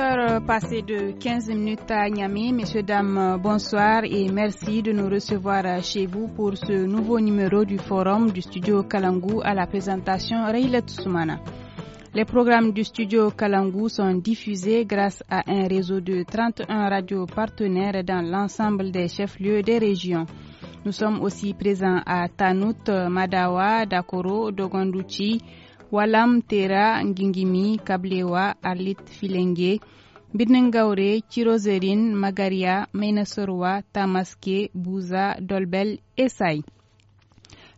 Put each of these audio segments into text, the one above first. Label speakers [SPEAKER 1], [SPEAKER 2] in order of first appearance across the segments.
[SPEAKER 1] Euh, passer de 15 minutes à Niamey. Messieurs, dames, euh, bonsoir et merci de nous recevoir euh, chez vous pour ce nouveau numéro du forum du studio Kalangou à la présentation Reilet Toussoumana. Les programmes du studio Kalangou sont diffusés grâce à un réseau de 31 radios partenaires dans l'ensemble des chefs-lieux des régions. Nous sommes aussi présents à Tanout, Madawa, Dakoro, Dogondouchi, walam tera ngingimi kablewa filenge magaria tamaske bouza dolbel et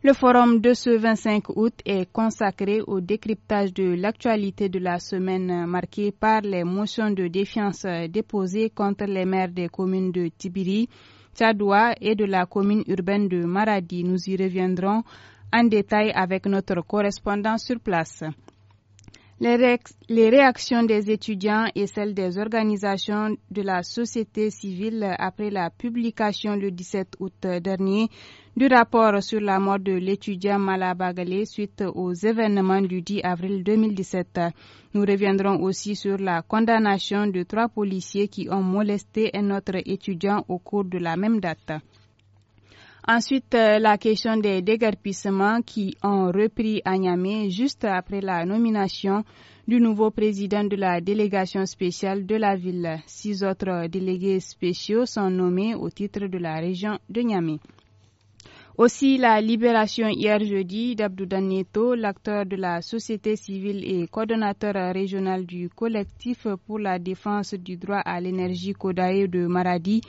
[SPEAKER 1] le forum de ce 25 août est consacré au décryptage de l'actualité de la semaine marquée par les motions de défiance déposées contre les maires des communes de Tibiri, Tchadoua et de la commune urbaine de Maradi. Nous y reviendrons en détail avec notre correspondant sur place. Les, réactions des étudiants et celles des organisations de la société civile après la publication le 17 août dernier du rapport sur la mort de l'étudiant Malabagalé suite aux événements du 10 avril 2017. Nous reviendrons aussi sur la condamnation de trois policiers qui ont molesté un autre étudiant au cours de la même date. Ensuite, euh, la question des dégarpissements qui ont repris à Niamey juste après la nomination du nouveau président de la délégation spéciale de la ville. Six autres délégués spéciaux sont nommés au titre de la région de Niamey. Aussi, la libération hier jeudi d'Abdou Danieto, l'acteur de la société civile et coordonnateur régional du collectif pour la défense du droit à l'énergie Kodae de Maradi,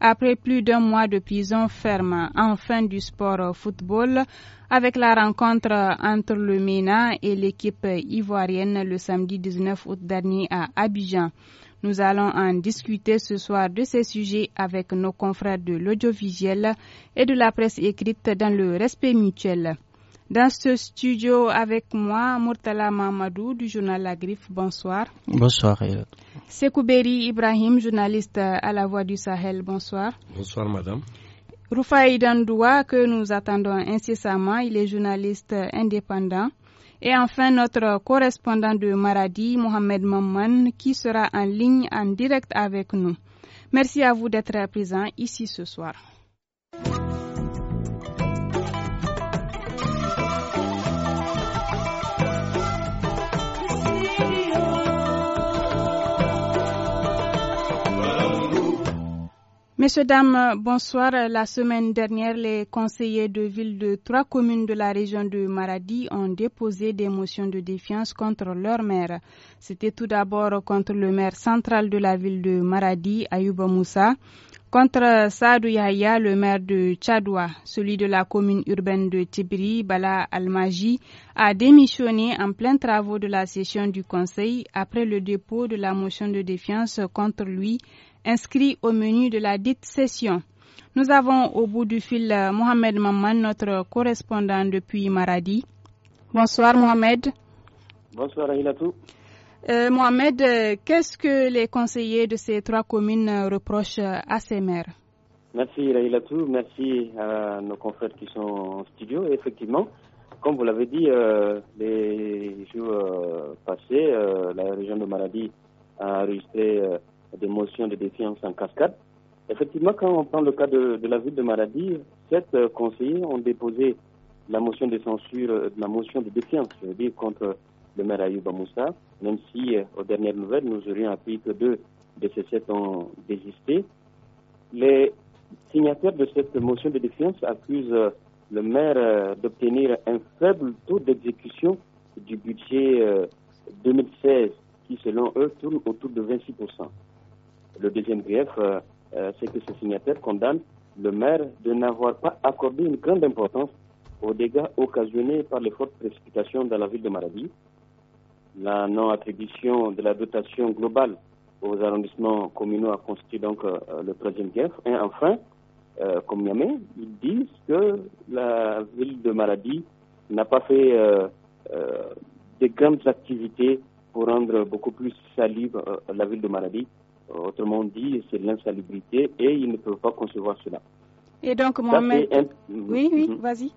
[SPEAKER 1] après plus d'un mois de prison ferme. en fin du sport football, avec la rencontre entre le MENA et l'équipe ivoirienne le samedi 19 août dernier à Abidjan. Nous allons en discuter ce soir de ces sujets avec nos confrères de l'audiovisuel et de la presse écrite dans le respect mutuel. Dans ce studio avec moi, Murtala Mamadou du journal La Griffe. Bonsoir. Bonsoir. Sekouberi Ibrahim, journaliste à La Voix du Sahel. Bonsoir.
[SPEAKER 2] Bonsoir, madame.
[SPEAKER 1] Rufai Dandoua, que nous attendons incessamment, il est journaliste indépendant. Et enfin, notre correspondant de Maradi, Mohamed Mamman, qui sera en ligne en direct avec nous. Merci à vous d'être présent ici ce soir. Messieurs, dames, bonsoir. La semaine dernière, les conseillers de ville de trois communes de la région de Maradi ont déposé des motions de défiance contre leur maire. C'était tout d'abord contre le maire central de la ville de Maradi, Ayuba Moussa, contre Saadou Yahya, le maire de Tchadoua, celui de la commune urbaine de Tibri, Bala Almaji, a démissionné en plein travaux de la session du conseil après le dépôt de la motion de défiance contre lui inscrit au menu de la dite session. Nous avons au bout du fil euh, Mohamed Maman, notre correspondant depuis Maradi. Bonsoir Mohamed.
[SPEAKER 3] Bonsoir Ahilatou.
[SPEAKER 1] Euh, Mohamed, euh, qu'est-ce que les conseillers de ces trois communes euh, reprochent à ces maires
[SPEAKER 3] Merci Atou, merci à nos confrères qui sont en studio. effectivement, comme vous l'avez dit, les jours passés, la région de Maradi a enregistré des motions de défiance en cascade. Effectivement, quand on prend le cas de, la ville de Maradi, sept euh, conseillers ont déposé la motion de censure, euh, la motion de défiance, je contre euh, le maire Ayub Moussa, même si, aux dernières nouvelles, nous aurions appris que deux de ces sept ont désisté. Les signataires de cette motion de défiance accusent le maire d'obtenir un faible taux d'exécution du budget 2016 qui, selon eux, tourne autour de 26%. Le deuxième grief, euh, euh, c'est que ce signataire condamne le maire de n'avoir pas accordé une grande importance aux dégâts occasionnés par les fortes précipitations dans la ville de Maradi, la non-attribution de la dotation globale aux arrondissements communaux a constitué donc euh, le troisième grief. Et enfin, comme Niamey, ils disent que la ville de Maradi n'a pas fait de grandes activités pour rendre beaucoup plus salive la ville de Maradi Autrement dit, c'est l'insalubrité et ils ne peuvent pas concevoir cela.
[SPEAKER 1] Et donc, Mohamed. Oui, oui, mhm. vas-y.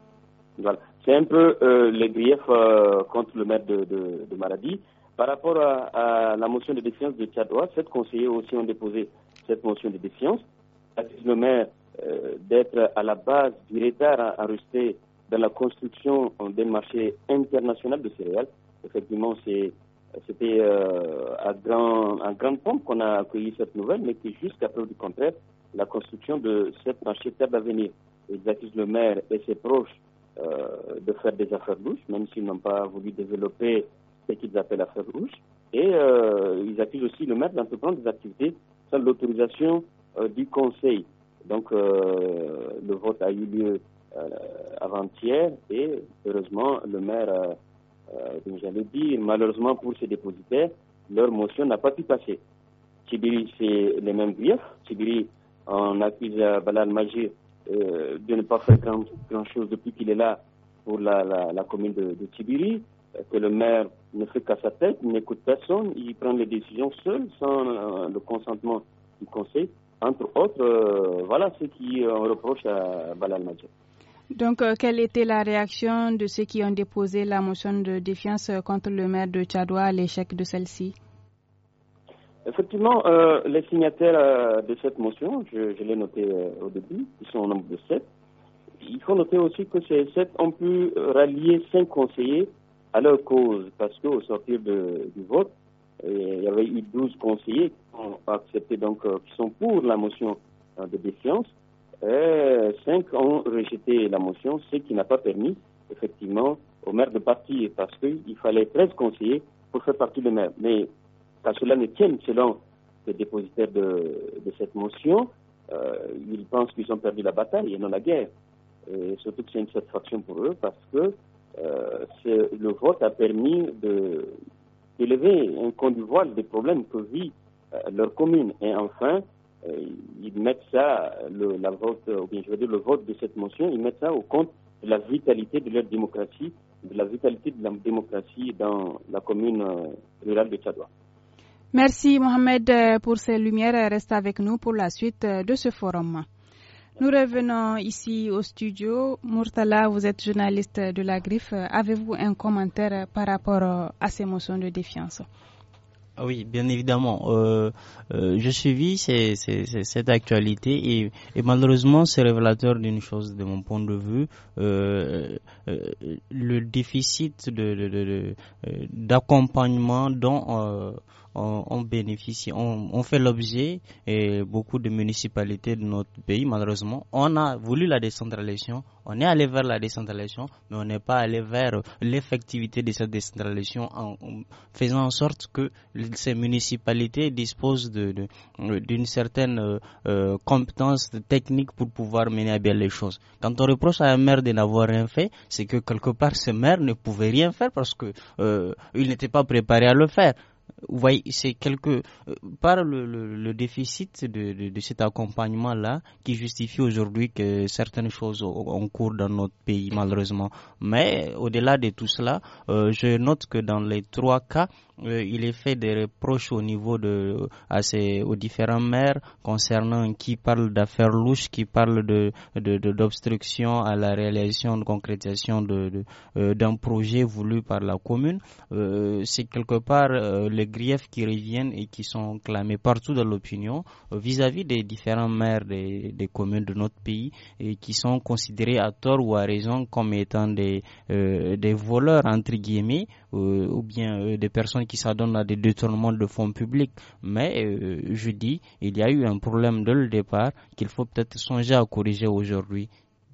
[SPEAKER 3] Voilà. C'est un peu euh, les griefs euh, contre le maire de, de, Maradi. Par rapport à, la motion de défiance de Tchadoua, sept conseillers aussi ont déposé cette motion de défiance. accusent le maire euh, d'être à la base du retard à, à rester dans la construction d'un marché international de céréales. Effectivement, c'est c'était euh, à grand, un grand pompe qu'on a accueilli cette nouvelle, mais qui jusqu'à preuve du contraire, la construction de cette marché table à venir. Ils accusent le maire et ses proches euh, de faire des affaires louches, même s'ils n'ont pas voulu développer ce qu'ils appellent affaires rouges. Et euh, ils accusent aussi le maire d'entreprendre des activités sans l'autorisation euh, du conseil. Donc euh, le vote a eu lieu euh, avant-hier et heureusement le maire euh, comme j'avais dit, malheureusement pour ces dépositaires, leur motion n'a pas pu passer. Chibiri, c'est les mêmes griefs. Chibiri, on accuse euh, Balal Majir euh, de ne pas faire grand, chose depuis qu'il est là pour la, commune de, de que le maire ne fait qu'à sa tête, n'écoute personne, il prend les décisions seul, sans le consentement du conseil, entre autres, voilà ce qu'on reproche à Balal Majir.
[SPEAKER 1] Donc, euh, quelle était la réaction de ceux qui ont déposé la motion de défiance euh, contre le maire de Tchadoua à l'échec de celle-ci
[SPEAKER 3] Effectivement, euh, les signataires de cette motion, je, l'ai noté au début, ils sont au nombre de sept. Il faut noter aussi que ces sept ont pu rallier cinq conseillers à leur cause, parce qu'au sortir du vote, il y avait eu douze conseillers qui ont accepté, donc, qui sont pour la motion de défiance. Euh, cinq ont rejeté la motion, ce qui n'a pas permis effectivement au maire de partir parce qu'il fallait 13 conseillers pour faire partie de maire. Mais quand cela ne tienne, selon les dépositaires de, cette motion, euh, ils pensent qu'ils ont perdu la bataille et non la guerre. Et surtout que c'est une satisfaction pour eux parce que euh, le vote a permis de d'élever un conduit voile des problèmes que vit leur commune. Et enfin, euh, ils mettent ça, le, la vote, je dire le vote de cette motion, ils mettent ça au compte de la vitalité de leur démocratie, de la vitalité de la démocratie dans la commune euh, rurale de Tchadoua.
[SPEAKER 1] Merci Mohamed euh, pour ces lumières. Reste avec nous pour la suite de ce forum. Nous revenons ici au studio. Murtala, vous êtes journaliste de la Griffe. Avez-vous un commentaire par rapport à ces motions de défiance
[SPEAKER 4] ah oui, bien évidemment. Euh, euh, je suivis cette actualité et, malheureusement, c'est révélateur d'une chose de mon point de vue. Euh, le déficit d'accompagnement de, de, dont on, bénéficie, on, fait l'objet, et beaucoup de municipalités de notre pays, malheureusement, on a voulu la décentralisation, on est allé vers la décentralisation, mais on n'est pas allé vers l'effectivité de cette décentralisation en faisant en sorte que ces municipalités disposent d'une de, certaine euh, euh, compétence technique pour pouvoir mener à bien les choses. Quand on reproche à un maire de n'avoir rien fait, c'est que quelque part ce maire ne pouvait rien faire parce que euh, il n'était pas préparé à le faire. Vous voyez, c'est quelque euh, par le, déficit de, cet accompagnement-là qui justifie aujourd'hui que certaines choses ont cours dans notre pays, malheureusement. Mais au-delà de tout cela, euh, je note que dans les trois cas, euh, il est fait des reproches au niveau de à ces, aux différents maires concernant qui parle d'affaires louches, qui parlent de d'obstruction à la réalisation de concrétisation euh, d'un de, projet voulu par la commune. Euh, c'est quelque part les griefs qui reviennent et qui sont clamés partout dans l'opinion vis-à-vis des différents maires des, communes de notre pays et qui sont considérés à tort ou à raison comme étant des des voleurs entre guillemets ou bien des personnes qui qui s'adonnent à des détournements de fonds publics. Mais euh, je dis, il y a eu un problème de le départ qu'il faut peut-être songer à corriger aujourd'hui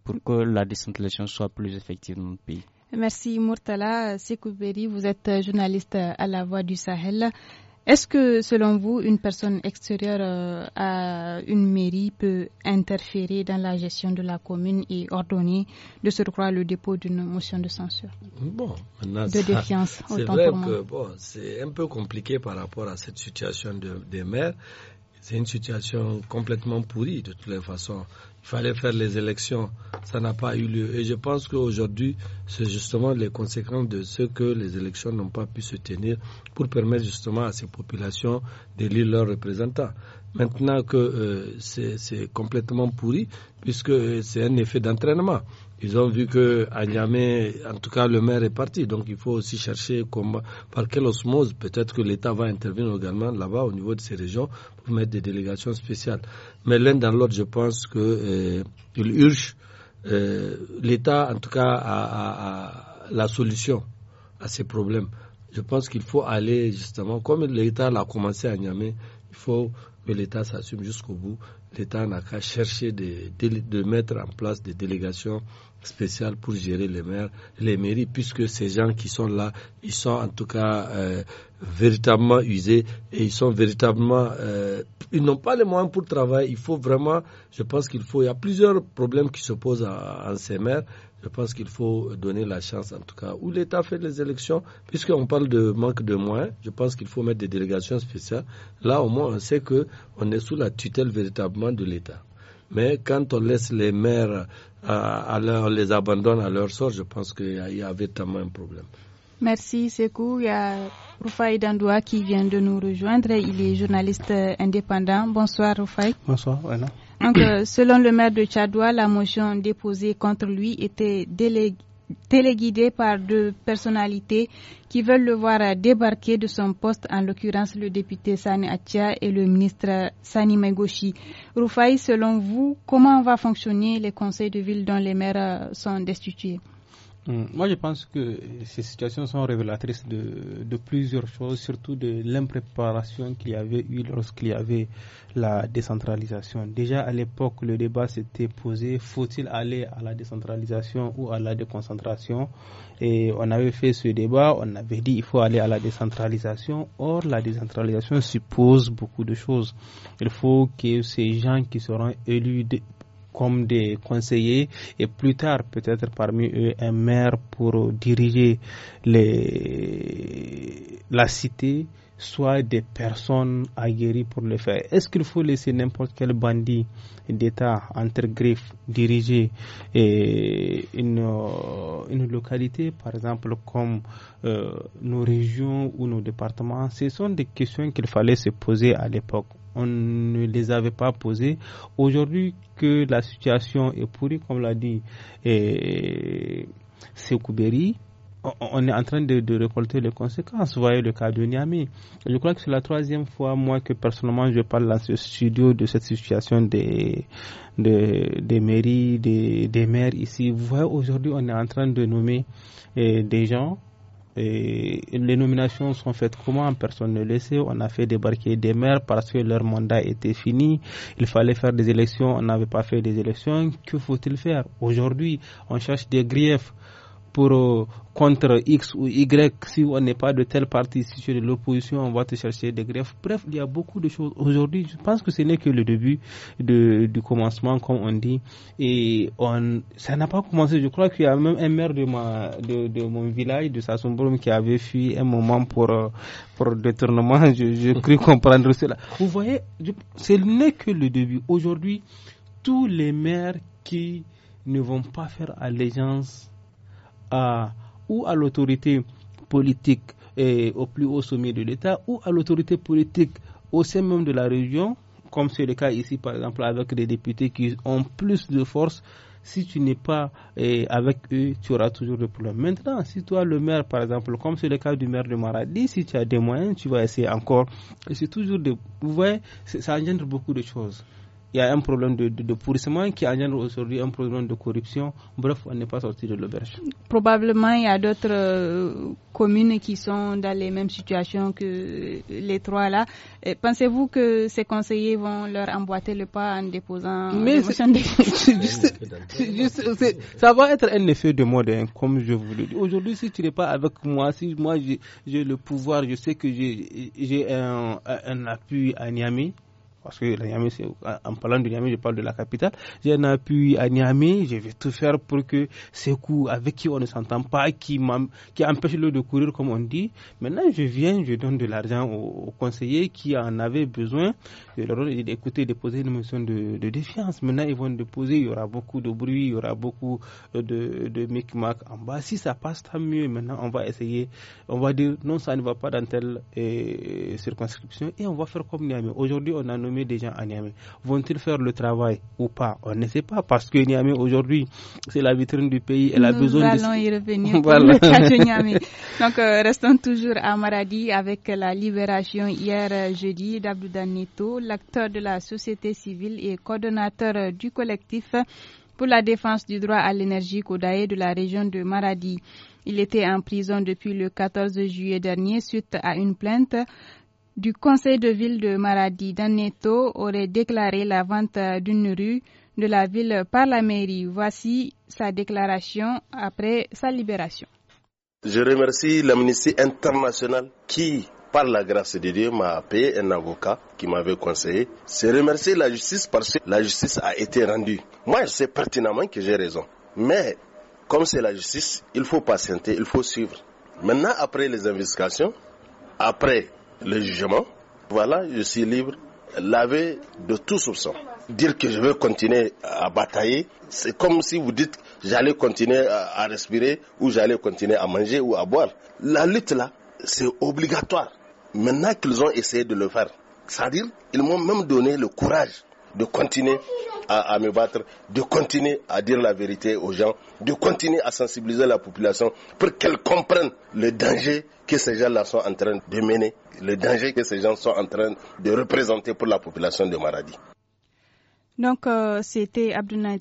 [SPEAKER 4] pour que la décentralisation soit plus effective dans le pays.
[SPEAKER 1] Merci Murtala Sekouberi, vous êtes journaliste à la Voix du Sahel. Est-ce que, selon vous, une personne extérieure euh, à une mairie peut interférer dans la gestion de la commune et ordonner de se croire le dépôt d'une motion de censure Bon,
[SPEAKER 2] maintenant, de défiance. C'est vrai que bon, c'est un peu compliqué par rapport à cette situation de, des maires. C'est une situation complètement pourrie de toutes les façons. Il fallait faire les élections. Ça n'a pas eu lieu. Et je pense qu'aujourd'hui, c'est justement les conséquences de ce que les élections n'ont pas pu se tenir pour permettre justement à ces populations d'élire leurs représentants. Maintenant que euh, c'est complètement pourri, puisque euh, c'est un effet d'entraînement. Ils ont vu que à Niamey, en tout cas, le maire est parti. Donc, il faut aussi chercher par quelle osmose, peut-être que l'État va intervenir également là-bas au niveau de ces régions pour mettre des délégations spéciales. Mais l'un dans l'autre, je pense que euh, il urge euh, l'État, en tout cas, à la solution à ces problèmes. Je pense qu'il faut aller justement, comme l'État l'a commencé à Niamey, il faut que l'État s'assume jusqu'au bout. L'État n'a qu'à chercher de, mettre en place des délégations spécial pour gérer les maires, les mairies, puisque ces gens qui sont là, ils sont en tout cas euh, véritablement usés et ils sont véritablement, euh, ils n'ont pas les moyens pour travailler. Il faut vraiment, je pense qu'il faut, il y a plusieurs problèmes qui se posent en ces maires. Je pense qu'il faut donner la chance, en tout cas, où l'État fait les élections, puisqu'on parle de manque de moyens. Je pense qu'il faut mettre des délégations spéciales. Là, au moins, on sait que on est sous la tutelle véritablement de l'État. Mais quand on laisse les maires, euh, les abandonne à leur sort, je pense qu'il y avait tellement un problème.
[SPEAKER 1] Merci Sekou. Il y a Rufai Dandoua qui vient de nous rejoindre. Il est journaliste indépendant. Bonsoir Rufai. Bonsoir Donc, euh, selon le maire de Tchadoua, la motion déposée contre lui était déléguée téléguidé par deux personnalités qui veulent le voir débarquer de son poste, en l'occurrence le député Sani Atia et le ministre Sani Megoshi. Roufaï, selon vous, comment va fonctionner les conseils de ville dont les maires sont destitués?
[SPEAKER 5] Hmm. Moi, je pense que ces situations sont révélatrices de, plusieurs choses, surtout de l'impréparation qu'il y avait eu lorsqu'il y avait la décentralisation. Déjà à l'époque, le débat s'était posé faut-il aller à la décentralisation ou à la déconcentration Et on avait fait ce débat, on avait dit il faut aller à la décentralisation. Or, la décentralisation suppose beaucoup de choses. Il faut que ces gens qui seront élus comme des conseillers et plus tard peut-être parmi eux un maire pour diriger les, la cité, soit des personnes aguerries pour le faire. Est-ce qu'il faut laisser n'importe quel bandit d'État entre griffes diriger eh, une, euh, une, localité, par exemple comme euh, nos régions ou nos départements Ce sont des questions qu'il fallait se poser à l'époque on ne les avait pas posés Aujourd'hui que la situation est pourrie, comme l'a dit et eh, on est en train de, récolter les conséquences. Vous voyez le cas de Niamey. Je crois que c'est la troisième fois, moi, que personnellement, je parle dans ce studio de cette situation des, des, mairies, des, maires ici. Vous voyez, aujourd'hui, on est en train de nommer eh, des gens les nominations sont faites comment Personne ne le On a fait débarquer des maires parce que leur mandat était fini. Il fallait faire des élections. On n'avait pas fait des élections. Que faut-il faire Aujourd'hui, on cherche des griefs pour euh, contre X ou Y, si on n'est pas de telle partie, si tu es de l'opposition, on va te chercher des greffes. Bref, il y a beaucoup de choses. Aujourd'hui, je pense que ce n'est que le début de, du commencement, comme on dit. Et on, ça n'a pas commencé. Je crois qu'il y a même un maire de, ma, de, de mon village, de Sassombrum, qui avait fui un moment pour, euh, pour détournement. Je, je comprendre cela. Vous voyez, ce n'est que le début. Aujourd'hui, tous les maires qui ne vont pas faire allégeance ou à l'autorité politique eh, au plus haut sommet de l'État ou à l'autorité politique au sein même de la région, comme c'est le cas ici par exemple avec les députés qui ont plus de force. Si tu n'es pas eh, avec eux, tu auras toujours des problèmes. Maintenant, si toi, le maire, par exemple, comme c'est le cas du maire de Maradi, si tu as des moyens, tu vas essayer encore. C'est toujours de Vous voyez, ça engendre beaucoup de choses il y a un problème de, de, pourrissement qui engendre aujourd'hui un problème de corruption. Bref, on n'est pas sorti de l'auberge.
[SPEAKER 1] Probablement, il y a d'autres euh, communes qui sont dans les mêmes situations que les trois là. Pensez-vous que ces conseillers vont leur emboîter le pas en déposant Mais ça
[SPEAKER 5] va être un effet de mode, hein, comme je vous le dis. Aujourd'hui, si tu n'es pas avec moi, si moi j'ai le pouvoir, je sais que j'ai un, un appui à Niamey, parce que Niamey, en parlant de Niamey, je parle de la capitale. J'ai un appui à Niamey, je vais tout faire pour que ces coups avec qui on ne s'entend pas, qui, qui empêchent le de courir, comme on dit. Maintenant, je viens, je donne de l'argent aux, conseillers qui en avaient besoin. Je leur ai écouté déposer une motion de, défiance. Maintenant, ils vont déposer, il y aura beaucoup de bruit, il y aura beaucoup de, de micmac en bas. Si ça passe, tant mieux. Maintenant, on va essayer, on va dire non, ça ne va pas dans telle euh, circonscription et on va faire comme Niamey. Aujourd'hui, on a des gens à Niamey. Vont-ils faire le travail ou pas On ne sait pas parce que Niamey aujourd'hui, c'est la vitrine du pays. Elle a Nous besoin allons y revenir
[SPEAKER 1] Donc, euh, restons toujours à Maradi avec la libération hier euh, jeudi d'Abdou l'acteur de la société civile et coordonnateur euh, du collectif pour la défense du droit à l'énergie Kodaé de la région de Maradi. Il était en prison depuis le 14 juillet dernier suite à une plainte du conseil de ville de Maradi d'Aneto aurait déclaré la vente d'une rue de la ville par la mairie. Voici sa déclaration après sa libération.
[SPEAKER 6] Je remercie l'amnistie internationale qui, par la grâce de Dieu, m'a payé un avocat qui m'avait conseillé. C'est remercier la justice parce que la justice a été rendue. Moi, je sais pertinemment que j'ai raison. Mais comme c'est la justice, il faut patienter, il faut suivre. Maintenant, après les investigations, après le jugement. Voilà, je suis libre, lavé de tout soupçon. Dire que je veux continuer à batailler, c'est comme si vous dites j'allais continuer à respirer ou j'allais continuer à manger ou à boire. La lutte là, c'est obligatoire. Maintenant qu'ils ont essayé de le faire, c'est-à-dire ils m'ont même donné le courage de continuer à, me battre, de continuer à dire la vérité aux gens, de continuer à sensibiliser la population pour qu'elle comprenne le danger que ces gens-là sont en train de mener, le danger que ces gens sont en train de représenter pour la population de Maradi.
[SPEAKER 1] Donc, euh, c'était Abdounan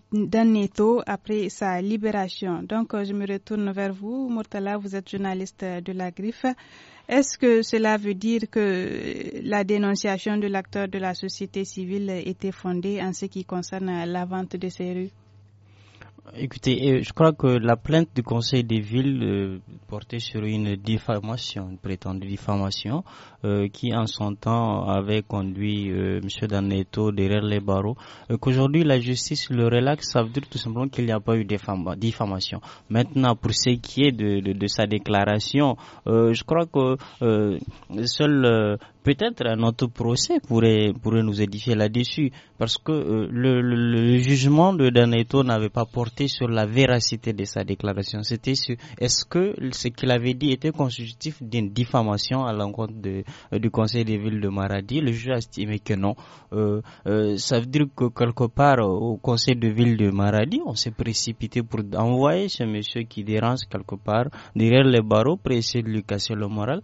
[SPEAKER 1] après sa libération. Donc, euh, je me retourne vers vous. Mortala, vous êtes journaliste de la Griffe. Est-ce que cela veut dire que la dénonciation de l'acteur de la société civile était fondée en ce qui concerne la vente de ces rues
[SPEAKER 4] Écoutez, euh, je crois que la plainte du Conseil des villes euh, portait sur une diffamation, une prétendue diffamation, euh, qui en son temps avait conduit euh, M. Danetto derrière les barreaux. Qu'aujourd'hui la justice le relaxe, ça veut dire tout simplement qu'il n'y a pas eu de diffamation. Maintenant, pour ce qui est de sa déclaration, je crois que seul peut-être notre procès pourrait, pourrait nous édifier là-dessus, parce que euh, le, jugement de Daneto n'avait pas porté sur la véracité de sa déclaration. C'était sur est-ce que ce qu'il avait dit était constitutif d'une diffamation à l'encontre euh, du Conseil des villes de Maradi. Le juge a estimé que non. Euh, ça veut dire que quelque part au Conseil de ville de Maradi, on s'est précipité pour envoyer ce monsieur qui dérange quelque part derrière les barreaux, pour essayer de lui casser le moral.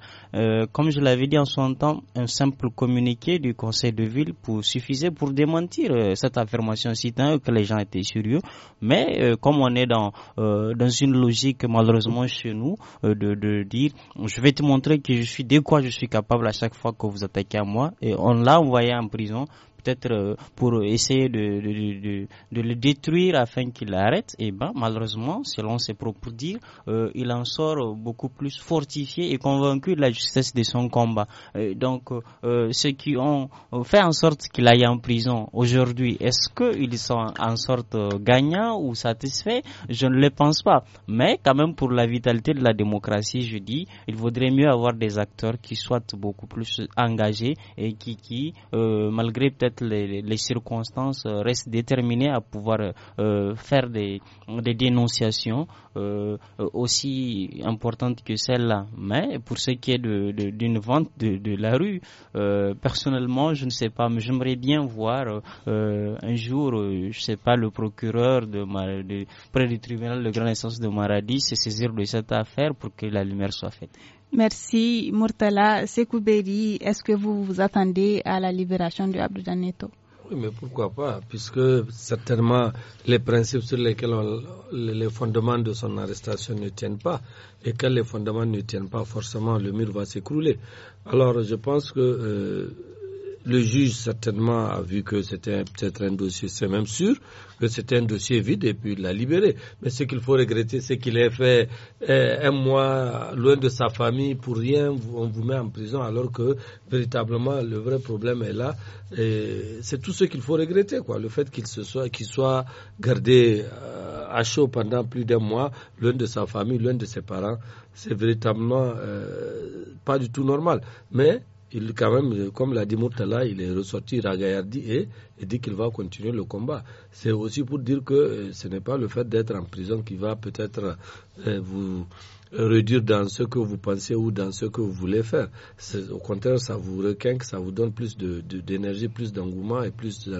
[SPEAKER 4] comme je l'avais dit en son temps, un simple communiqué du conseil de ville pour, suffisait pour démentir euh, cette affirmation, citant que les gens étaient sérieux. Mais euh, comme on est dans, euh, dans une logique malheureusement chez nous de, de, dire je vais te montrer que je suis de quoi je suis capable à chaque fois que vous attaquez à moi et on l'a envoyé en prison peut-être euh, pour essayer de, le détruire afin qu'il arrête, et eh ben malheureusement, selon ses propres dires, euh, il en sort beaucoup plus fortifié et convaincu de la justesse de son combat. Euh, donc, ceux qui ont fait en sorte qu'il aille en prison aujourd'hui, est-ce qu'ils sont en sorte gagnants ou satisfaits Je ne le pense pas. Mais quand même, pour la vitalité de la démocratie, je dis, il vaudrait mieux avoir des acteurs qui soient beaucoup plus engagés et qui, qui malgré peut-être les, circonstances euh, restent déterminées à pouvoir euh, faire des, dénonciations euh, aussi importantes que celles-là. Mais pour ce qui est d'une vente de, la rue, personnellement, je ne sais pas, mais j'aimerais bien voir un jour, je ne sais pas, le procureur près du tribunal de grande instance de Maradi se saisir de cette affaire pour que la
[SPEAKER 2] lumière soit faite.
[SPEAKER 1] Merci Murtala Sekouberi. Est-ce que vous vous attendez à la libération de Abdou
[SPEAKER 2] Oui, mais pourquoi pas Puisque certainement les principes sur lesquels les fondements de son arrestation ne tiennent pas. Et que les fondements ne tiennent pas, forcément le mur va s'écrouler. Alors je pense que. Euh, le juge certainement a vu que c'était peut-être un dossier, c'est même sûr que c'était un dossier vide et puis il l'a libéré. Mais ce qu'il faut regretter, c'est qu'il ait fait euh, un mois loin de sa famille pour rien, on vous met en prison alors que véritablement le vrai problème est là. Et c'est tout ce qu'il faut regretter, quoi. Le fait qu'il se soit, qu'il soit gardé euh, à chaud pendant plus d'un mois, loin de sa famille, loin de ses parents, c'est véritablement euh, pas du tout normal. Mais il, quand même, euh, comme l'a dit Murtala, il est ressorti ragaillardi et, dit qu'il va continuer le combat. C'est aussi pour dire que euh, ce n'est pas le fait d'être en prison qui va peut-être euh, vous réduire dans ce que vous pensez ou dans ce que vous voulez faire. Au contraire, ça vous requinque, ça vous donne plus d'énergie, de, d'énergie, plus d'engouement et plus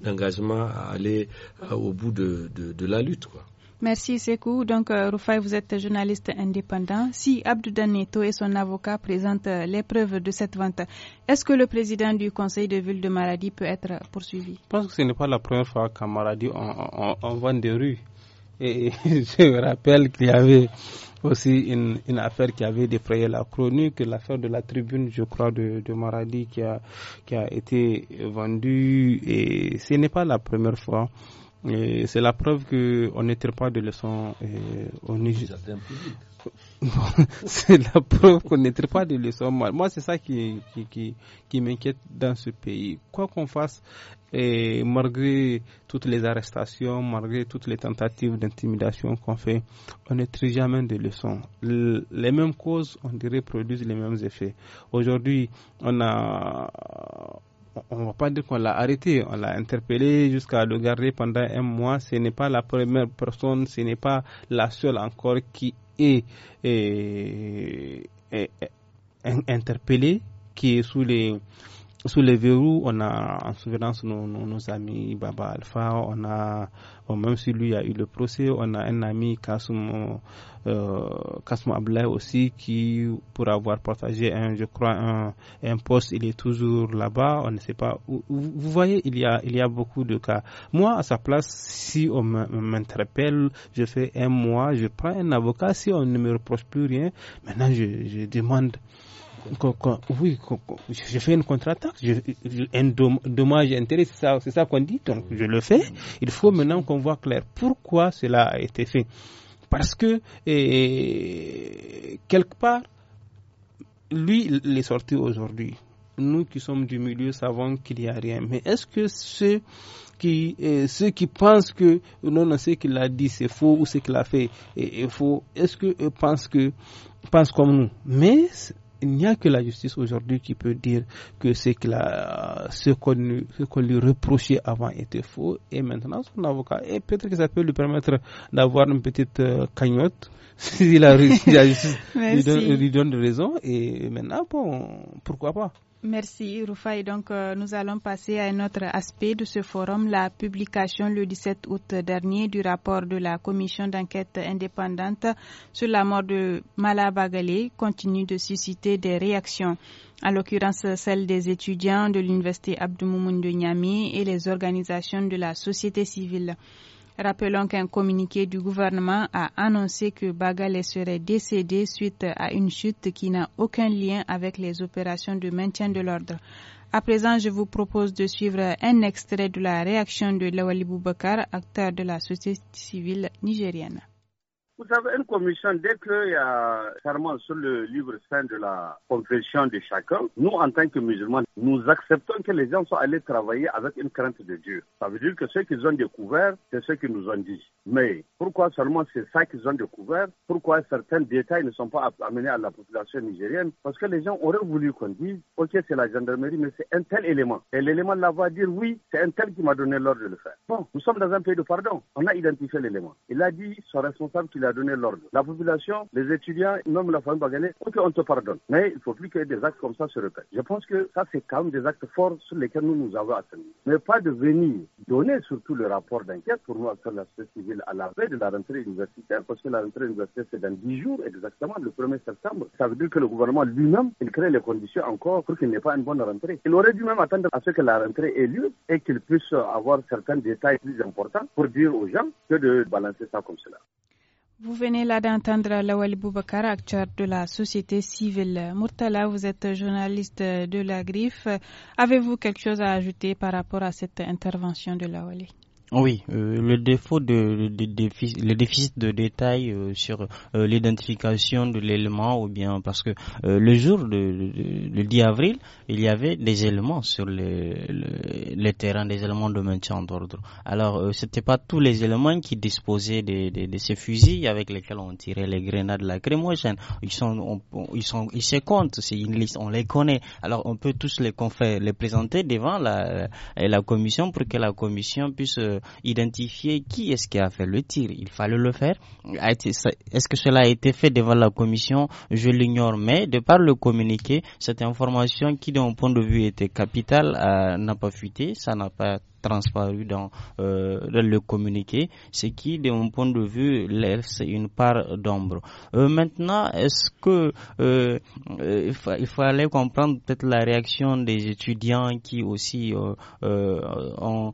[SPEAKER 2] d'engagement à aller au bout de, de la lutte. Quoi.
[SPEAKER 1] Merci Sekou. Donc, euh, Rufai, vous êtes journaliste indépendant. Si Abdou Daneto et son avocat présentent euh, les preuves de cette vente, est-ce que le président du conseil de ville de Maradi peut être poursuivi Je
[SPEAKER 5] pense que ce n'est pas la première fois qu'à Maradi, on, on, on, vend des rues. Et je rappelle qu'il y avait aussi une, affaire qui avait défrayé la chronique, l'affaire de la tribune, je crois, de, de Maradi qui a été vendue. Et ce n'est pas la première fois. c'est la preuve qu'on ne tire pas de leçons au Niger. c'est la preuve qu'on ne tire pas de leçons. Moi, c'est ça qui, qui, qui, m'inquiète dans ce pays. Quoi qu'on fasse, et malgré toutes les arrestations, malgré toutes les tentatives d'intimidation qu'on fait, on ne tire jamais de leçons. les mêmes causes, on dirait, produisent les mêmes effets. Aujourd'hui, on a on ne va pas dire qu'on l'a arrêté, on l'a interpellé jusqu'à le garder pendant un mois. Ce n'est pas la première personne, ce n'est pas la seule encore qui est, interpellée, qui est sous les sous les verrous, on a en souveraineté nos, nos, nos, amis Baba Alpha, on a, même si lui a eu le procès, on a un ami Kasmo euh, Ablay aussi qui, pour avoir partagé un, je crois, un, un poste, il est toujours là-bas, on ne sait pas. vous voyez, il y, a, il y a beaucoup de cas. Moi, à sa place, si on m'interpelle, je fais un mois, je prends un avocat, si on ne me reproche plus rien, maintenant je, je demande oui, je fais une contre-attaque, un dommage intérêt, c'est ça, qu'on dit, donc mm. je le fais. Il faut maintenant qu'on voit clair pourquoi cela a été fait. Parce que, quelque part, lui, il est sorti aujourd'hui. Nous qui sommes du milieu savons qu'il n'y a rien. Mais est-ce que ceux qui, ceux qui pensent que non, ce qu'il a dit c'est faux ou ce qu'il a fait est, faux, est-ce qu'ils euh, pensent que pensent comme nous Mais il n'y a que la justice aujourd'hui qui peut dire que a, ce qu'on lui reprochait avant était faux et maintenant son avocat, et peut-être que ça peut lui permettre d'avoir une petite euh, cagnotte si a la justice lui, donne, lui donne raison et maintenant, bon, pourquoi pas.
[SPEAKER 1] Merci Et Donc euh, nous allons passer à un autre aspect de ce forum, la publication le 17 août dernier du rapport de la commission d'enquête indépendante sur la mort de malabagali continue de susciter des réactions, en l'occurrence celle des étudiants de l'université Abdou Moumoun de Niamey et les organisations de la société civile. Rappelons qu'un communiqué du gouvernement a annoncé que Bagale serait décédé suite à une chute qui n'a aucun lien avec les opérations de maintien de l'ordre. À présent, je vous propose de suivre un extrait de la réaction de Lawali Bakar, acteur de la société civile nigérienne.
[SPEAKER 7] Vous avez une commission, dès qu'il y a serment sur le livre saint de la confession de chacun, nous, en tant que musulmans, nous acceptons que les gens soient allés travailler avec une crainte de Dieu. Ça veut dire que ce qu'ils ont découvert, c'est ce qu'ils nous ont dit. Mais pourquoi seulement c'est ça qu'ils ont découvert Pourquoi certains détails ne sont pas amenés à la population nigérienne Parce que les gens auraient voulu qu'on dise, OK, c'est la gendarmerie, mais c'est un tel élément. Et l'élément là va dire, oui, c'est un tel qui m'a donné l'ordre de le faire. Bon, nous sommes dans un pays de pardon. On a identifié l'élément. Il a dit, son responsable qu'il a l'ordre. La population, les étudiants, même la famille ok, on te pardonne. Mais il ne faut plus que des actes comme ça se répètent. Je pense que ça, c'est quand même des actes forts sur lesquels nous nous avons attendu. Mais pas de venir donner surtout le rapport d'enquête pour nous, sur la société civile, à la veille de la rentrée universitaire, parce que la rentrée universitaire, c'est dans 10 jours exactement, le 1er septembre. Ça veut dire que le gouvernement lui-même, il crée les conditions encore pour qu'il n'ait pas une bonne rentrée. Il aurait dû même attendre à ce que la rentrée ait lieu et qu'il puisse avoir certains détails plus importants pour dire aux gens que de balancer ça comme cela.
[SPEAKER 1] Vous venez là d'entendre Lawali Boubacar, acteur de la société civile. Murtala, vous êtes journaliste de la Griffe. Avez-vous quelque chose à ajouter par rapport à cette intervention de Lawali?
[SPEAKER 4] Oui, euh, le défaut de, de, le déficit de détails euh, sur euh, l'identification de l'élément ou bien parce que le jour de, le 10 avril, il y avait des éléments sur le le, terrain, des éléments de maintien d'ordre. Alors, c'était pas tous les éléments qui disposaient de, de, ces fusils avec lesquels on tirait les grenades lacrymogènes. Ils sont, ils sont, ils se comptent, c'est une liste, on les connaît. Alors, on peut tous les conférer, les présenter devant la, la commission pour que la commission puisse identifier qui est-ce qui a fait le tir. Il fallait le faire. Est-ce que cela a été fait devant la commission Je l'ignore, mais de par le communiqué, cette information qui, d'un point de vue, était capitale, euh, n'a pas fuité, ça n'a pas transparu euh, dans, le communiqué, ce qui, de mon point de vue, laisse une part d'ombre. Euh, maintenant, est-ce que euh, il, fallait comprendre peut-être la réaction des étudiants qui aussi ont,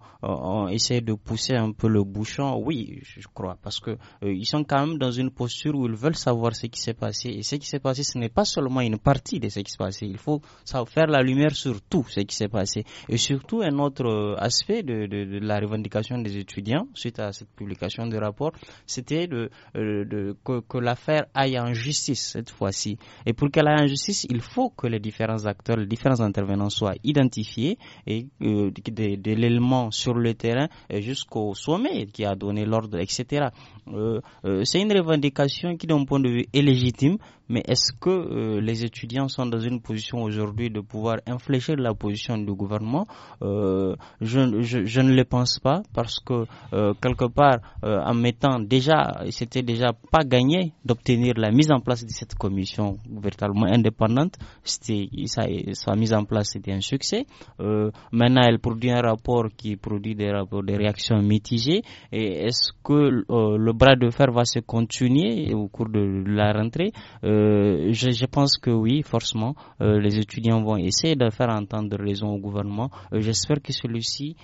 [SPEAKER 4] essayé de pousser un peu le bouchon Oui, je crois, parce que ils sont quand même dans une posture où ils veulent savoir ce qui s'est passé. Et ce qui s'est passé, ce n'est pas seulement une partie de ce qui s'est passé. Il faut faire la lumière sur tout ce qui s'est passé. Et surtout, un autre aspect de, la revendication des étudiants suite à cette publication de rapport, c'était euh, que, l'affaire aille en justice cette fois-ci. Et pour qu'elle aille en justice, il faut que les différents acteurs, les différents intervenants soient identifiés et euh, de, l'élément sur le terrain jusqu'au sommet qui a donné l'ordre, etc. Euh, c'est une revendication qui, d'un point de vue est légitime mais est-ce que euh, les étudiants sont dans une position aujourd'hui de pouvoir infléchir la position du gouvernement euh, je, je, ne le pense pas parce que euh, quelque part, en mettant déjà, c'était déjà pas gagné d'obtenir la mise en place de cette commission véritablement indépendante. C'était sa, sa mise en place était un succès. maintenant, elle produit un rapport qui produit des rapports, des réactions mitigées. Et est-ce que le bras de fer va se continuer au cours de la rentrée? Euh, je, pense que oui, forcément, euh, les étudiants vont essayer de faire entendre raison au gouvernement. Euh, j'espère que celui-ci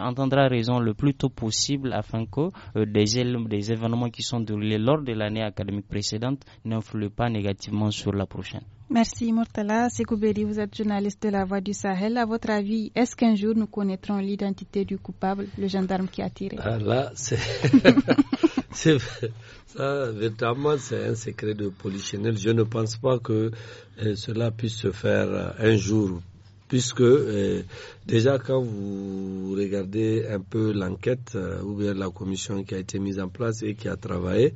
[SPEAKER 4] entendra raison le plus tôt possible afin que des, des événements qui sont déroulés lors de l'année académique précédente n'influent pas négativement sur la prochaine.
[SPEAKER 1] Merci Murtala Sekouberi, vous êtes journaliste de la Voix du Sahel. À votre avis, est-ce qu'un jour nous connaîtrons l'identité du coupable, le gendarme qui a tiré ah
[SPEAKER 2] Là, c'est ça, véritablement, c'est un secret de polichinelle. Je ne pense pas que euh, cela puisse se faire euh, un jour, puisque euh, déjà quand vous regardez un peu l'enquête ou bien la commission qui a été mise en place et qui a travaillé,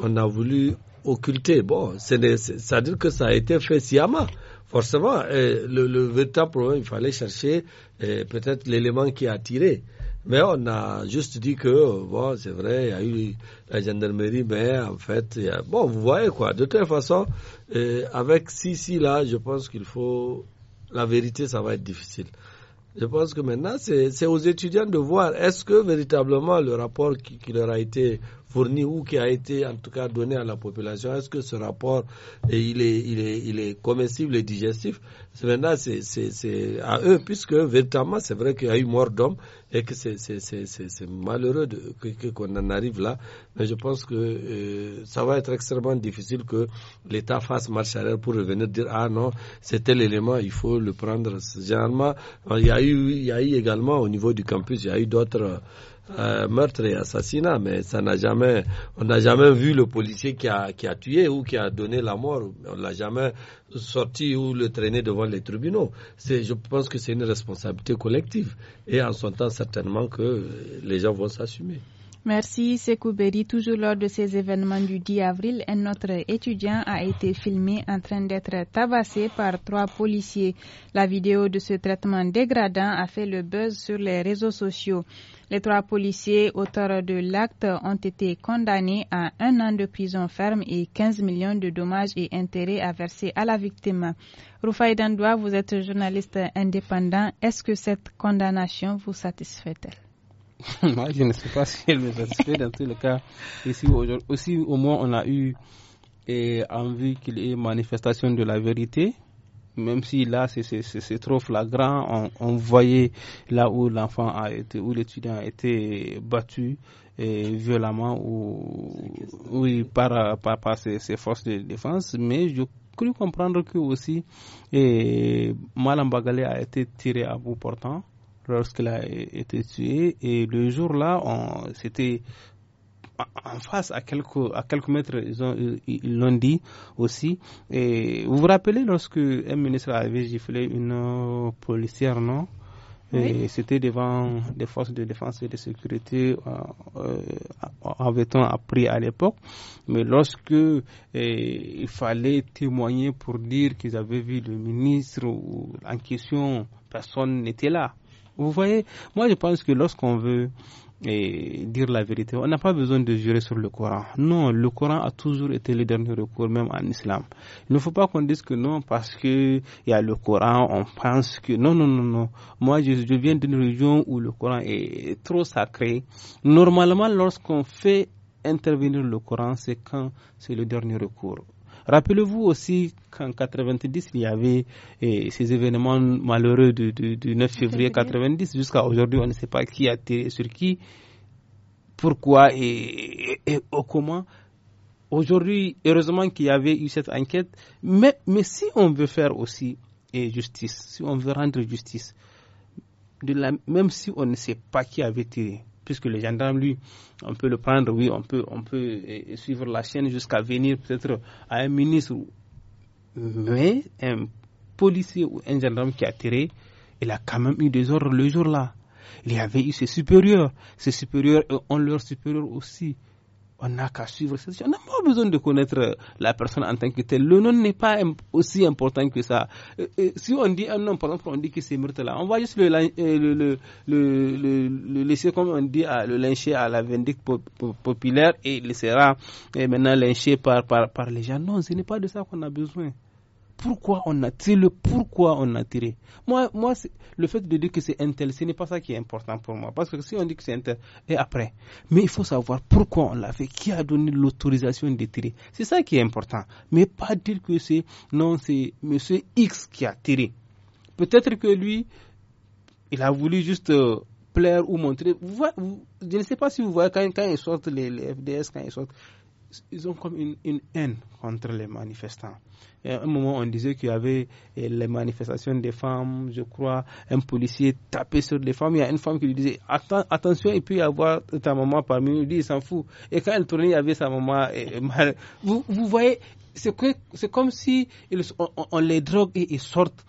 [SPEAKER 2] on a voulu occulté. Bon, c'est-à-dire que ça a été fait sciemment. Forcément, euh, le, le, problème, il fallait chercher euh, peut-être l'élément qui a tiré. Mais on a juste dit que, bon, c'est vrai, il y a eu la gendarmerie, mais en fait, bon, vous voyez quoi. De toute façon, euh, avec si, si, là, je pense qu'il faut. La vérité, ça va être difficile. Je pense que maintenant, c'est aux étudiants de voir est-ce que véritablement le rapport qui, leur a été fourni ou qui a été en tout cas donné à la population, est-ce que ce rapport il est, il est, il est comestible et digestif Maintenant, c'est à eux, puisque véritablement, c'est vrai qu'il y a eu mort d'hommes et que c'est malheureux qu'on en arrive là. Mais je pense que euh, ça va être extrêmement difficile que l'État fasse marche arrière pour revenir dire ah non, c'était l'élément, il faut le prendre. Généralement, il y a eu, il y a eu également au niveau du campus, il y a eu d'autres. Euh, meurtres et assassinats, mais ça n'a jamais, on n'a jamais vu le policier qui a, qui a tué ou qui a donné la mort. On l'a jamais sorti ou le traîné devant les tribunaux. C'est, je pense que c'est une responsabilité collective. Et en son temps, certainement que les gens vont s'assumer.
[SPEAKER 1] Merci Sekouberi. Toujours lors de ces événements du 10 avril, un autre étudiant a été filmé en train d'être tabassé par trois policiers. La vidéo de ce traitement dégradant a fait le buzz sur les réseaux sociaux. Les trois policiers auteurs de l'acte ont été condamnés à un an de prison ferme et 15 millions de dommages et intérêts à verser à la victime. Rufai Dandoua, vous êtes journaliste indépendant. Est-ce que cette condamnation vous satisfait-elle
[SPEAKER 5] Moi, je ne sais pas si elle me satisfait. Dans tous les cas, ici, au moins, on a eu eh, envie qu'il y ait manifestation de la vérité même si là c'est trop flagrant, on, voyait là où l'enfant a été, où l'étudiant a été battu et violemment ou oui par par, ses, forces de défense, mais je cru comprendre que aussi et Malambagale a été tiré à bout portant lorsqu'il a été tué et le jour là c'était en face, à quelques, à quelques mètres, ils, ont, ils l'ont dit aussi. Et vous vous rappelez lorsque un ministre avait giflé une policière, non oui. C'était devant des forces de défense et de sécurité, en euh, euh, avait-on appris à l'époque. Mais lorsque euh, il fallait témoigner pour dire qu'ils avaient vu le ministre ou en question, personne n'était là. Vous voyez, moi je pense que lorsqu'on veut et dire la vérité. On n'a pas besoin de jurer sur le Coran. Non, le Coran a toujours été le dernier recours, même en islam. Il ne faut pas qu'on dise que non, parce que il y a le Coran, on pense que... Non, non, non, non. Moi, je, viens d'une région où le Coran est trop sacré. Normalement, lorsqu'on fait intervenir le Coran, c'est quand c'est le dernier recours. Rappelez-vous aussi qu'en 1990, il y avait eh, ces événements malheureux du, 9 février 1990 jusqu'à aujourd'hui, on ne sait pas qui a tiré sur qui, pourquoi et, comment. Aujourd'hui, heureusement qu'il y avait eu cette enquête, mais, mais si on veut faire aussi eh, justice, si on veut rendre justice, de la, même si on ne sait pas qui avait tiré, puisque le gendarme, lui, on peut le prendre, oui, on peut, on peut suivre la chaîne jusqu'à venir peut-être à un ministre. Mais un policier ou un gendarme qui a tiré, il a quand même eu des ordres le jour-là. Il y avait eu ses supérieurs, ses supérieurs ont leurs supérieurs aussi on n'a qu'à suivre cette On n'a pas besoin de connaître euh, la personne en tant que telle. Le nom n'est pas aussi important que ça. Euh, euh, si on dit un nom, par exemple, on dit que c'est là. on va juste le, le, le, le, laisser, comme on dit, à, le lyncher à la vindicte populaire et il sera maintenant lynché par, par, par les gens. Non, ce n'est pas de ça qu'on a besoin pourquoi on a tiré, pourquoi on a tiré. Moi, moi le fait de dire que c'est un tel, ce n'est pas ça qui est important pour moi. Parce que si on dit que c'est un tel, et après. Mais il faut savoir pourquoi on l'a fait, qui a donné l'autorisation de tirer. C'est ça qui est important. Mais pas dire que c'est, non, c'est monsieur X qui a tiré. Peut-être que lui, il a voulu juste euh, plaire ou montrer. je ne sais pas si vous voyez quand, ils sortent les, FDS, quand ils sortent, ils ont comme une haine contre les manifestants. Euh, à un moment, on disait qu'il y avait euh, les manifestations des femmes, je crois, un policier tapait sur les femmes. Il y a une femme qui lui disait Attention, il peut y avoir ta maman parmi nous. Il dit Il s'en fout. Et quand elle tournait, il y avait sa maman. Euh, vous, voyez, c'est comme si on, les drogue et ils sortent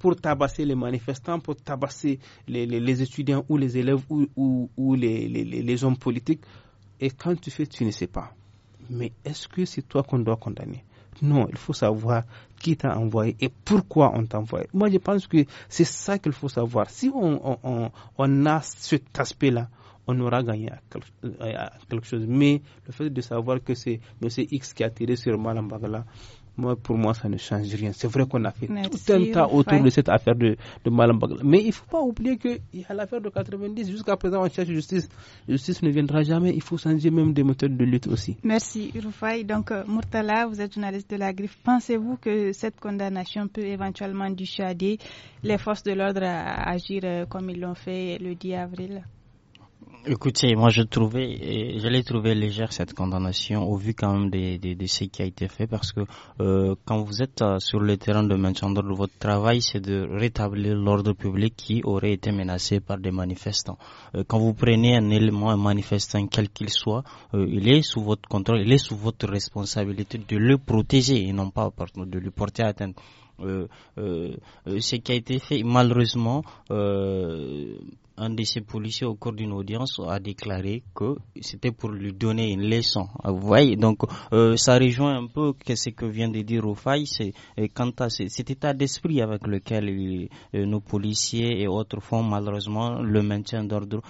[SPEAKER 5] pour tabasser les manifestants, pour tabasser les, étudiants ou les élèves ou, les, les, hommes politiques. Et quand tu fais, tu ne sais pas. Mais est-ce que c'est toi qu'on doit condamner non, il faut savoir qui t'a envoyé et pourquoi on t'a envoyé. Moi, je pense que c'est ça qu'il faut savoir. Si on, on, on a cet aspect-là, on aura gagné à quelque chose. Mais le fait de savoir que c'est M. X qui a tiré sur Malambagala, moi, pour moi, ça ne change rien. C'est vrai qu'on a fait tout un tas autour de cette affaire de, Malambagla. Mais il ne faut pas oublier qu'il y a l'affaire de 90. Jusqu'à présent, on cherche justice. Justice ne viendra jamais. Il faut changer même des moteurs de lutte aussi.
[SPEAKER 1] Merci, Rufai. Donc, euh, Murtala, vous êtes journaliste de la Griffe. Pensez-vous que cette condamnation peut éventuellement dissuader les forces de l'ordre à agir euh, comme ils l'ont fait le 10 avril
[SPEAKER 4] Écoutez, moi je trouvais, j'allais trouver légère cette condamnation au vu quand même de, de, ce qui a été fait parce que euh, quand vous êtes euh, sur le terrain de maintien d'ordre, votre travail c'est de rétablir l'ordre public qui aurait été menacé par des manifestants. Euh, quand vous prenez un élément, un manifestant quel qu'il soit, il est sous votre contrôle, il est sous votre responsabilité de le protéger et non pas de le porter atteinte. ce qui a été fait malheureusement un de ces policiers au cours d'une audience a déclaré que c'était pour lui donner une leçon. Euh, vous voyez, donc euh, ça rejoint un peu ce que vient de dire Rufai, c'est euh, quant à cet état d'esprit avec lequel nos policiers et autres font malheureusement le maintien d'ordre.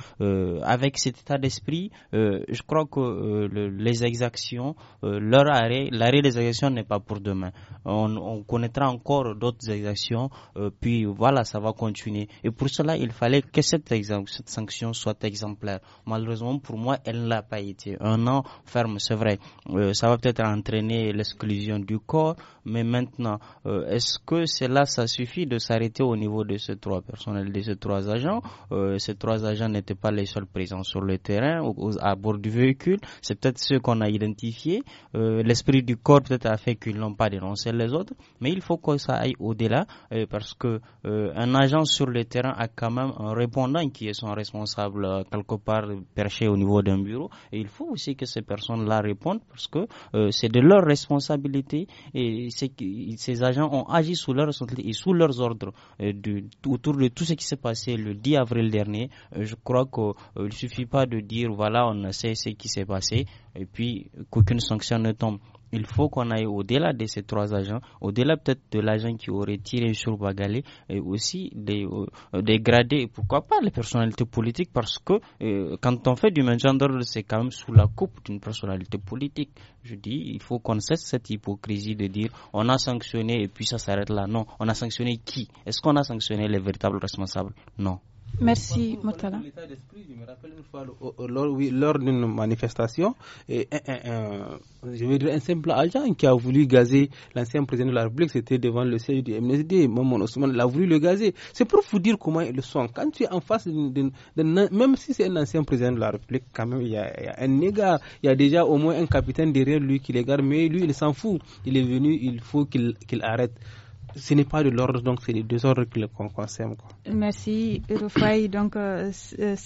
[SPEAKER 4] avec cet état d'esprit, je crois que les exactions, leur arrêt, l'arrêt des exactions n'est pas pour demain. On, on connaîtra encore d'autres exactions, puis voilà, ça va continuer. Et pour cela, il fallait que cette cette sanction soit exemplaire. Malheureusement, pour moi, elle ne l'a pas été. Un an ferme, c'est vrai. Euh, ça va peut-être entraîner l'exclusion du corps, mais maintenant, euh, est-ce que cela, ça suffit de s'arrêter au niveau de ces trois personnels, de ces trois agents euh, Ces trois agents n'étaient pas les seuls présents sur le terrain, ou à bord du véhicule. C'est peut-être ceux qu'on a identifiés. L'esprit du corps peut-être a fait qu'ils n'ont pas dénoncé les autres, mais il faut que ça aille au-delà parce que un agent sur le terrain a quand même un répondant qui sont responsables euh, quelque part perchés au niveau d'un bureau. Et il faut aussi que ces personnes-là répondent parce que euh, c'est de leur responsabilité et ces agents ont agi sous leurs ordres euh, autour de tout ce qui s'est passé le 10 avril dernier. je crois qu'il ne suffit pas de dire voilà, on sait ce qui s'est passé et puis qu'aucune sanction ne tombe il faut qu'on aille au-delà de ces trois agents, au-delà peut-être de l'agent qui aurait tiré sur Bagali, et aussi des, euh, pourquoi pas les personnalités politiques, parce que euh, quand on fait du maintien d'ordre, c'est quand même sous la coupe d'une personnalité politique. Je dis, il faut qu'on cesse cette hypocrisie de dire on a sanctionné et puis ça s'arrête là. Non, on a sanctionné qui Est-ce qu'on a sanctionné les véritables responsables Non.
[SPEAKER 1] Merci, Motala. Je me
[SPEAKER 5] rappelle une fois, lors, d'une manifestation, et, je veux dire, un simple agent qui a voulu gazer l'ancien président de la République, c'était devant le siège du MSD, Maman Ousmane, l'a voulu le gazer. C'est pour vous dire comment ils le sont. Quand tu es en face, d'un même si c'est un ancien président de la République, quand même, il y, a, un négat, il y a déjà au moins un capitaine derrière lui qui les garde, mais lui, il s'en fout. Il est venu, il faut qu'il arrête ce n'est pas de l'ordre, donc c'est des ordres qu'on concerne. Quoi.
[SPEAKER 1] Merci, Donc, euh, euh,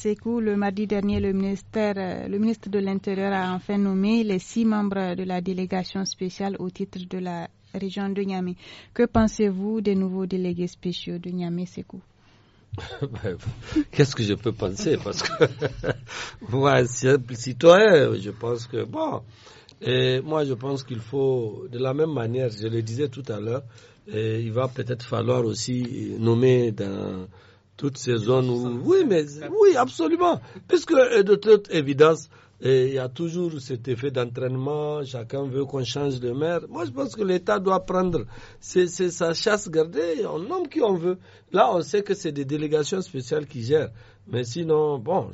[SPEAKER 1] le mardi dernier, le, ministère, euh, le ministre de l'Intérieur a enfin nommé les six membres de la délégation spéciale au titre de la région de Niamey. Que pensez-vous des nouveaux délégués spéciaux de Niamey, Sekou
[SPEAKER 2] ben, Qu'est-ce que je peux penser Parce que moi, simple citoyen, je pense que, bon, moi, je pense qu'il faut, de la même manière, je le disais tout à l'heure, il va peut-être falloir aussi nommer dans toutes ces zones où. Oui, mais oui, absolument. Puisque de toute évidence, et il y a toujours cet effet d'entraînement, chacun veut qu'on change de maire. Moi, je pense que l'État doit prendre c'est, sa chasse gardée, on nomme qui on veut. Là, on sait que c'est des délégations spéciales qui gèrent. Mais sinon, bon,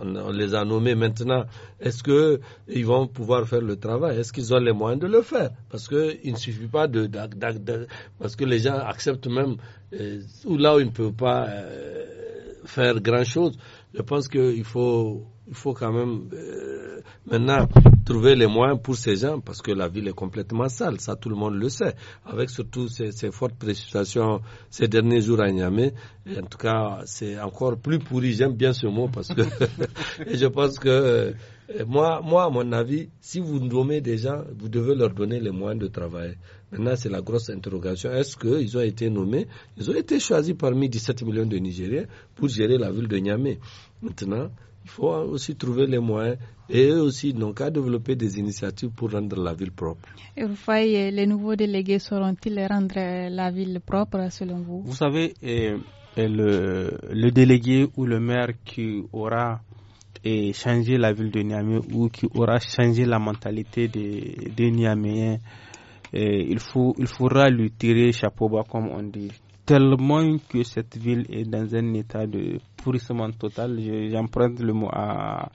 [SPEAKER 2] on, les a nommés maintenant. Est-ce qu'ils vont pouvoir faire le travail Est-ce qu'ils ont les moyens de le faire Parce qu'il ne suffit pas de, Parce que les gens acceptent même, euh, ou là où ils ne peuvent pas euh, faire grand-chose. Je pense qu'il faut il faut quand même euh, maintenant trouver les moyens pour ces gens parce que la ville est complètement sale, ça tout le monde le sait. Avec surtout ces, fortes précipitations ces derniers jours à Niamey, en tout cas c'est encore plus pourri. J'aime bien ce mot parce que je pense que euh, moi, moi, à mon avis, si vous nommez des gens, vous devez leur donner les moyens de travailler. Maintenant, c'est la grosse interrogation. Est-ce qu'ils ont été nommés Ils ont été choisis parmi 17 millions de Nigériens pour gérer la ville de Niamey. Maintenant, il faut aussi trouver les moyens et eux aussi donc, à développer des initiatives pour rendre la ville propre.
[SPEAKER 1] Et voyez, les nouveaux délégués sauront-ils rendre la ville propre selon vous Vous
[SPEAKER 2] savez, le,
[SPEAKER 5] délégué ou le maire qui aura changé la ville de Niamey ou qui aura changé la mentalité des, Niameyens, il, faut, il faudra lui tirer chapeau bas comme on dit tellement que cette ville est dans un état de pourrissement total. J'emprunte le mot à,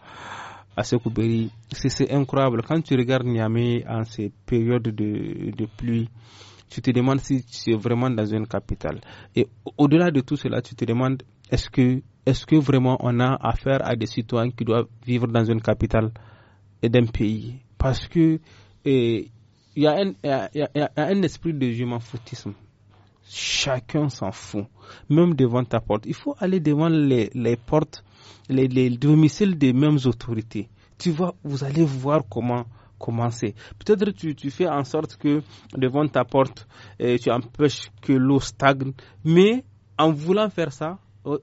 [SPEAKER 5] à Sekouberi. C'est incroyable. Quand tu regardes Niamey en ces périodes de, de pluie, tu te demandes si tu es vraiment dans une capitale. Et au-delà de tout cela, tu te demandes est-ce que, est-ce que vraiment on a affaire à des citoyens qui doivent vivre dans une capitale et d'un pays Parce que eh, il y, y, y, y, a un esprit de jumeau foutisme Chacun s'en fout. Même devant ta porte. Il faut aller devant les, les portes, les, les, domiciles des mêmes autorités. Tu vois, vous allez voir comment commencer. Peut-être tu, tu fais en sorte que devant ta porte, eh, tu empêches que l'eau stagne. Mais en voulant faire ça, oh,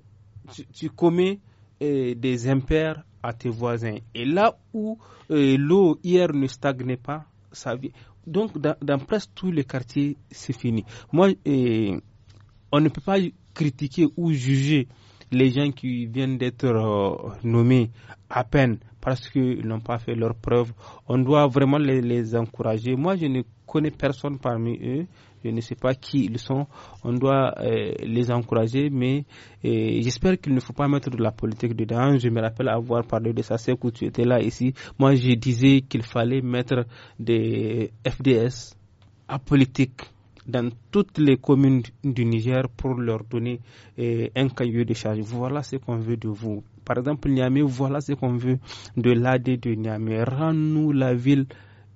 [SPEAKER 5] tu, commets eh, des impairs à tes voisins. Et là où eh, l'eau hier ne stagnait pas, ça vient donc, dans, presque tous les quartiers, c'est fini. Moi, euh, on ne peut pas critiquer ou juger les gens qui viennent d'être euh, nommés à peine parce qu'ils n'ont pas fait leur preuve. On doit vraiment les, les, encourager. Moi, je ne connais personne parmi eux je ne sais pas qui ils sont. On doit euh, les encourager, mais euh, j'espère qu'il ne faut pas mettre de la politique dedans. Je me rappelle avoir parlé de ça, c'est que tu étais là ici. Moi, je disais qu'il fallait mettre des FDS à politique dans toutes les communes du Niger pour leur donner euh, un cahier de charge. Voilà ce qu'on veut de vous. Par exemple, Niamey, voilà ce qu'on veut de l'AD de Niamey. Rends-nous la ville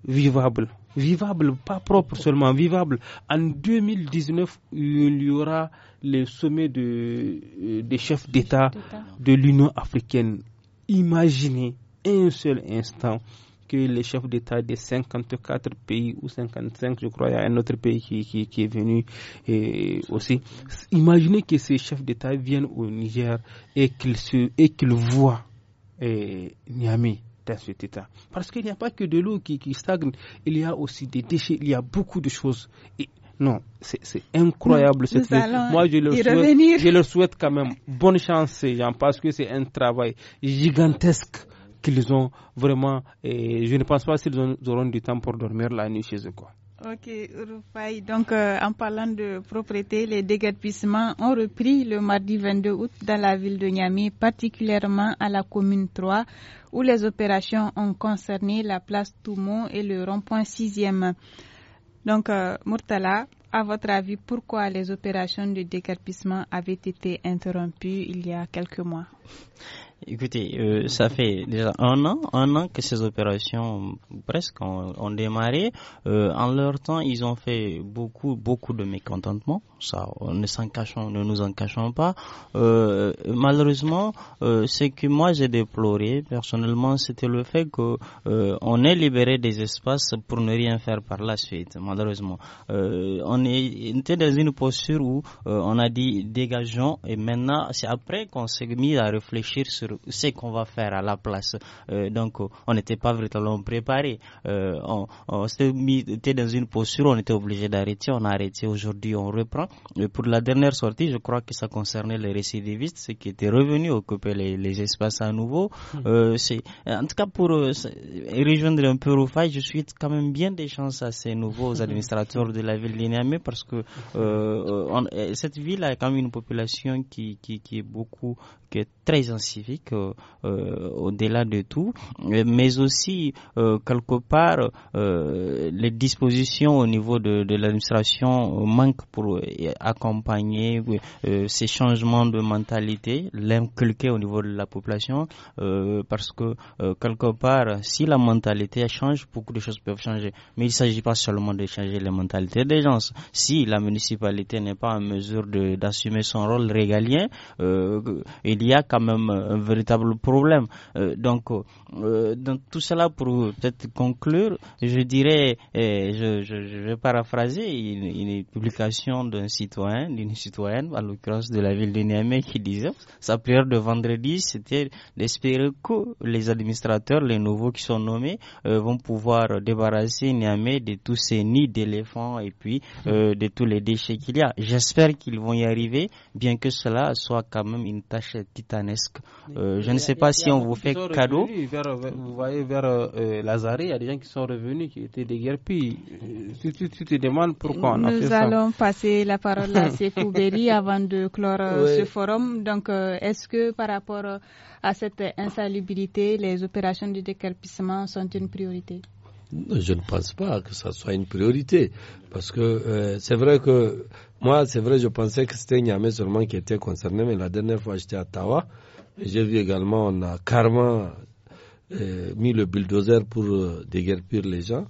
[SPEAKER 5] vivable vivable, pas propre seulement, vivable. En 2019, il y aura le sommet de, euh, des chefs d'État de l'Union africaine. Imaginez un seul instant que les chefs d'État des 54 pays ou 55, je crois, il y a un autre pays qui, qui, est venu aussi. Imaginez que ces chefs d'État viennent au Niger et qu'ils voient Niamey dans cet Parce qu'il n'y a pas que de l'eau qui, qui, stagne, il y a aussi des déchets, il y a beaucoup de choses. Et non, c'est incroyable cette Moi, je leur, souhaite, je souhaite quand même bonne chance, ces gens, parce que c'est un travail gigantesque qu'ils ont vraiment. Et je ne pense pas qu'ils auront du temps pour dormir la nuit chez eux. Quoi.
[SPEAKER 1] Ok, Donc, euh, en parlant de propriété, les déguerpissements ont repris le mardi 22 août dans la ville de Niamey, particulièrement à la commune 3, où les opérations ont concerné la place Toumont et le rond-point 6e. Donc, euh, Murtala, à votre avis, pourquoi les opérations de décarpissement avaient été interrompues il y a quelques mois
[SPEAKER 4] Écoutez, euh, ça fait déjà un an, un an que ces opérations presque ont, démarré. Euh, en leur temps, ils ont fait beaucoup, beaucoup de mécontentement. Ça, ne s'en cachons, ne nous en cachons pas. Euh, malheureusement, ce que moi j'ai déploré personnellement, c'était le fait que on ait libéré des espaces pour ne rien faire par la suite. Malheureusement, on était dans une posture où on a dit dégageons et maintenant c'est après qu'on s'est mis à réfléchir sur ce qu'on va faire à la place. Euh, donc, on n'était pas vraiment préparé. Euh, on, était dans une posture, on était obligé d'arrêter. On a arrêté aujourd'hui, on reprend. pour la dernière sortie, je crois que ça concernait les récidivistes, ceux qui étaient revenus occuper les, espaces à nouveau. Mmh. Euh, en tout cas, pour rejoindre un peu Rufai, je suis quand même bien des chances à ces nouveaux administrateurs de la ville de parce que cette ville a quand même une population qui, qui, est beaucoup, qui est très incivique euh, euh, au-delà de tout, euh, mais aussi quelque part les dispositions au niveau de, l'administration manquent pour accompagner ces changements de mentalité, l'inculquer au niveau de la population, parce que quelque part, si la mentalité change, beaucoup de choses peuvent changer. Mais il ne s'agit pas seulement de changer les mentalités des gens. Si la municipalité n'est pas en mesure d'assumer son rôle régalien, il y a quand même un véritable problème. Euh, euh, donc, tout cela pour peut-être conclure, je dirais, je, vais paraphraser une, publication d'un citoyen, d'une citoyenne, à l'occurrence de la ville de Niamey, qui disait sa prière de vendredi, c'était d'espérer que les administrateurs, les nouveaux qui sont nommés, euh, vont pouvoir débarrasser Niamey de tous ces nids d'éléphants et puis de tous les déchets qu'il y a. J'espère qu'ils vont y arriver, bien que cela soit quand même une tâche titanesque. Euh, je ne sais pas si on vous fait cadeau.
[SPEAKER 5] vous voyez, vers euh, Lazare, il y a des gens qui sont revenus, qui étaient déguerpis. Euh, si tu, te demandes pourquoi on a Nous fait ça. allons
[SPEAKER 1] passer la parole à Sekou avant de clore ce forum. Donc, est-ce que par rapport à cette insalubrité, les opérations de déguerpissement sont une priorité
[SPEAKER 2] je ne pense pas que ça soit une priorité. Parce que c'est vrai que moi, c'est vrai, je pensais que c'était Niamey seulement qui était concerné, mais la dernière fois j'étais à Tawa, j'ai vu également, on a carrément euh, mis le bulldozer pour euh, déguerpir les gens.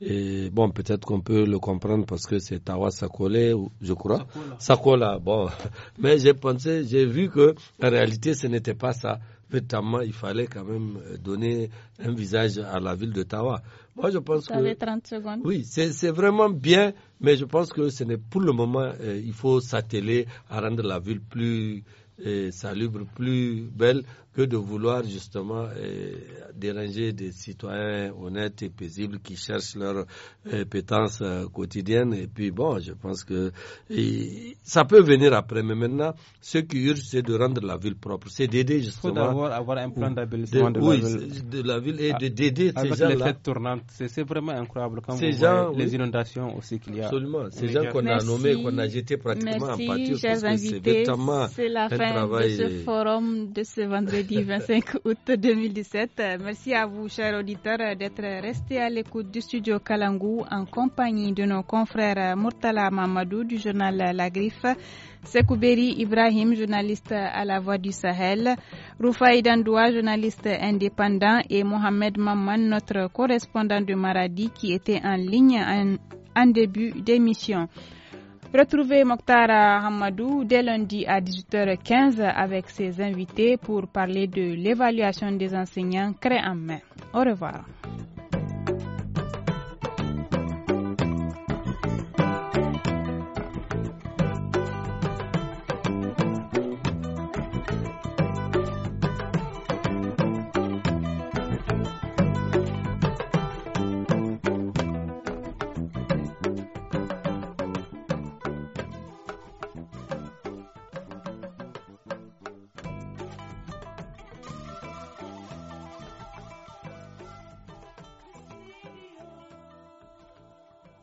[SPEAKER 2] Et bon, peut-être qu'on peut le comprendre parce que c'est Tawa Sakole, je crois. Sakola. bon. Mais j'ai pensé, j'ai vu que, en réalité, ce n'était pas ça. Vêtement, il fallait quand même euh, donner un visage à la ville de Tawa. Moi, je pense Vous que.
[SPEAKER 1] 30 secondes.
[SPEAKER 2] Oui, c'est vraiment bien, mais je pense que ce n'est pour le moment, euh, il faut s'atteler à rendre la ville plus et salubre, plus belle, que de vouloir justement euh, déranger des citoyens honnêtes et paisibles qui cherchent leur euh, euh quotidienne. Et puis bon, je pense que ça peut venir après. Mais maintenant, ce qui urge, c'est de rendre la ville propre, c'est d'aider justement. Il un plan de, oui, de, la
[SPEAKER 5] ville et ah, de d'aider ces gens-là. Avec c'est vraiment incroyable quand ces vous gens, voyez, les inondations aussi qu'il y a. Absolument, ces gens qu'on a nommés, qu'on a jetés
[SPEAKER 2] pratiquement en pâture, parce que c'est
[SPEAKER 1] la fin de ce forum de ce vendredi. 25 août 2017. Euh, merci à vous, chers auditeurs, euh, d'être restés à l'écoute du studio Kalangou en compagnie de nos confrères euh, Murtala Mamadou du journal La Griffe, Sekouberi Ibrahim, journaliste à la Voix du Sahel, Roufaï Dandoua, journaliste indépendant, et Mohamed Maman, notre correspondant de Maradi, qui était en ligne en début d'émission. Retrouvez Mokhtar Hamadou dès lundi à 18h15 avec ses invités pour parler de l'évaluation des enseignants créés en main. Au revoir.